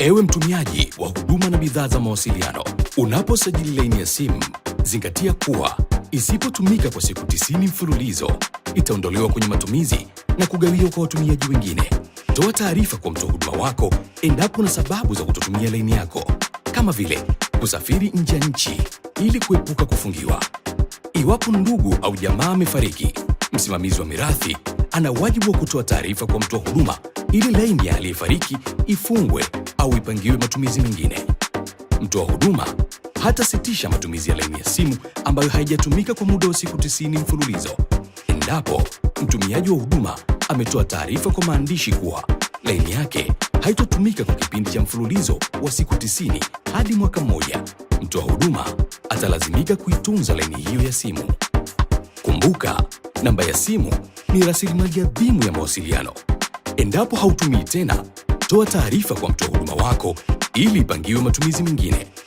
Ewe mtumiaji wa huduma na bidhaa za mawasiliano, unaposajili laini ya simu, zingatia kuwa isipotumika kwa siku 90 mfululizo, itaondolewa kwenye matumizi na kugawiwa kwa watumiaji wengine. Toa taarifa kwa mtoa huduma wako endapo na sababu za kutotumia laini yako, kama vile kusafiri nje ya nchi ili kuepuka kufungiwa. Iwapo ndugu au jamaa amefariki, msimamizi wa mirathi ana wajibu wa kutoa taarifa kwa mtoa huduma ili laini ya aliyefariki ifungwe au ipangiwe matumizi mengine. Mtoa huduma hatasitisha matumizi ya laini ya simu ambayo haijatumika kwa muda wa siku 90 mfululizo endapo mtumiaji wa huduma ametoa taarifa kwa maandishi kuwa laini yake haitotumika kwa kipindi cha mfululizo wa siku 90 hadi mwaka mmoja. Mtoa huduma atalazimika kuitunza laini hiyo ya simu. Kumbuka, namba ya simu ni rasilimali adhimu ya mawasiliano. Endapo hautumii tena, toa taarifa kwa mtoa huduma wako ili ipangiwe matumizi mengine.